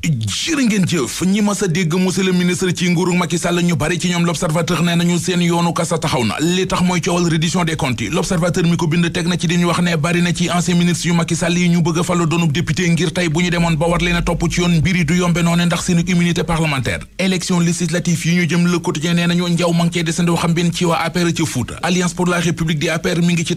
jërë ngeen jëf ñi mas dégg monsieur ministre ci nguuru Macky Sall ñu bari ci ñoom l'observateur nee nañu seen yoonu kasa taxaw na li tax mooy coowal reddition des comptes yi l'observateur mi ko bind teg na ci di wax ne bari na ci ancien ministre yu Macky yi ñu bëgg falu doonub député ngir tey bu ñu demoon ba war leen topp ci yoon mbiri du yombe noone ndax seen immunité parlementaire élection législative yi ñu jëm la république di APR nee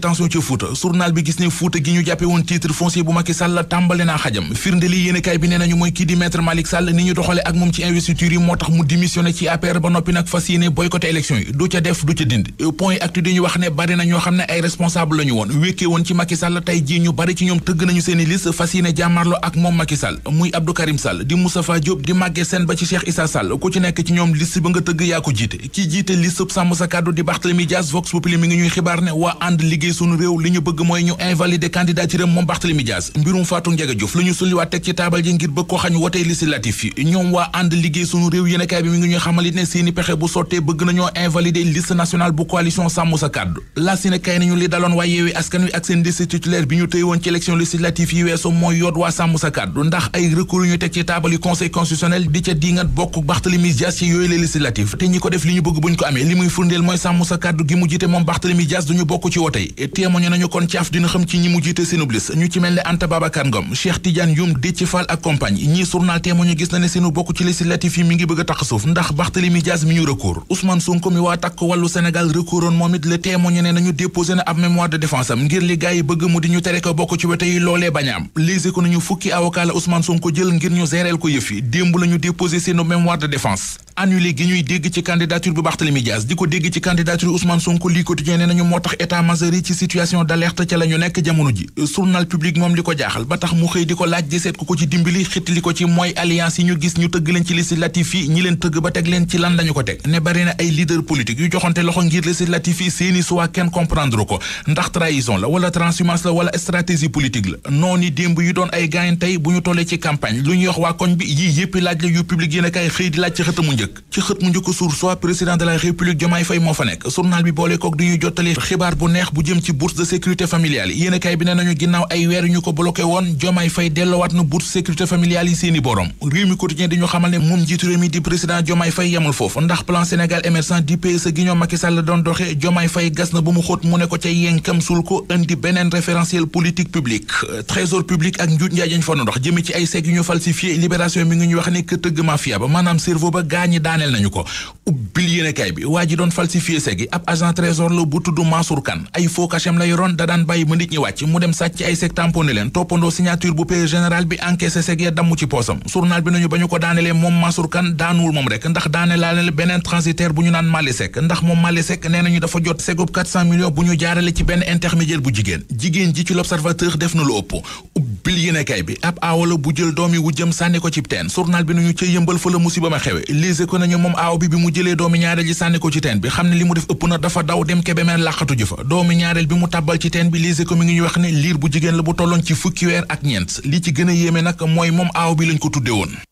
nañu mooy kii maître Malick ni ñu doxale ak moom ci investiture yi moo tax mu démissionné ci APR ba noppi nag fas yéene boycotté élection yi du ca def du ca dindi point actu di ñu wax ne bari na ñoo xam ne ay responsable la woon wékkee woon ci Macky Sall tey jii ñu bari ci ñoom tëgg nañu seen i liste fas yéene jàmmarloo ak moom Macky Sall muy Abdou Karim Sall di Moustapha Diop di Maguette Sène ba ci Cheikh Issa Sall ku ci nekk ci ñoom liste ba nga tëgg yaa ko jiite conseil législatif yi ñoom waa ànd liggéey sunu réew yéenekaay bi mi ngi ñuy xamalit ne seeni pexe bu sottee bëgg nañoo invalider liste nationale bu coalition sàmm sa kàddu la si nañu li daloon waa yeewi askan wi ak seen liste yi weesu mooy yoot waa sàmm sa kàddu ndax ay recours teg ci taabal conseil constitutionnel di ca dingat bokk Barthélémy Dias ci yooyu la te ñi ko def li ñu bëgg buñ ko amee li muy furndeel mooy sàmm sa kàddu gi journal gis na ne seenu bokk ci législatives yi mi ngi bëgg a tax suuf ndax Barthélémy mi ñu recours Ousmane Sonko mi waa takk wàllu Sénégal recouroon moom it le Témoin ne nañu déposé na ab mémoire de défense ngir li bëgg mu di ñu tere ko bokk ci wete yi loolee bañ a ko nañu fukki avocat la Ousmane jël ngir ñu géreel ko yëf yi démb la ñu seenu mémoire de défense annulé gi ñuy dégg ci candidature bu Barthélémy Dias di ko dégg ci candidature mooy alliance yi ñu gis ñu tëgg leen ci législatif yi ñi leen tëgg ba teg leen ci lan lañu ko teg ne bari ay leader politique yu joxante loxo ngir législatif yi seeni suwaa kenn comprendre ko ndax trahison la wala transhumance la wala stratégie politique la noonu démb yu doon ay gaañ bu ñu tollee ci campagne lu ñuy wax waa koñ bi yii yëpp laaj la yu public yéen xëy di laaj ci xët njëkk ci xët njëkk sur soit président de borom réew mi quotidien di ñu xamal ne moom njiitu réew di président Diomaye Faye yamul foofu ndax plan Sénégal émergent di PSE gi ñoom Macky Sall doon doxe Diomaye Faye gas na bu mu xóot mu ne ko ca yenkam sul ko indi beneen référentiel politique publique euh, trésor public ak njuut njaay ñu fa dox jëme ci ay seeg yu ñu falsifié libération bi ngi ñu wax ne que tëgg mafia ba maanaam cerveau ba gaañi daaneel nañu ko ubbil yéenekaay bi waa ji doon falsifié segi ab agent trésor la bu tudd Mansour kan ay faux cachet la yoroon da daan bàyyi ba nit ñi wàcc mu dem sàcc ay chèque tamponné leen toppandoo signature bu paye général bi encaissé seg ya damm ci poosam journal bi nañu ba ñu ko daanelee moom Mansour Kane daanuwul moom rek ndax daane laa leen beneen transitaire bu ñu naan Mali Seck ndax moom Mali Seck nee nañu dafa jot segub 400 millions bu ñu jaarale ci benn intermédiaire bu jigéen jigéen ji ci l'observateur def na lu ëpp ubbil yéenekaay bi ab aaw la bu jël doomi wu jëm sànni ko ci teen journal bi nañu ca yëmbal fa la musiba ma xewe lise ko nañu moom aaw bi bi mu jëlee doomi ñaareel ji sànni ko ci teen bi xam ne li mu def ëpp na dafa daw dem Kébémer làqatu ji fa doomi ñaareel bi mu tàbbal ci teen bi lise ko mi ngi ñuy wax ne liir bu jigéen la bu tolloon ci fukki weer ak ñeent li ci gën a yéeme nag mooy moom aaw bi lañ ko tudde woon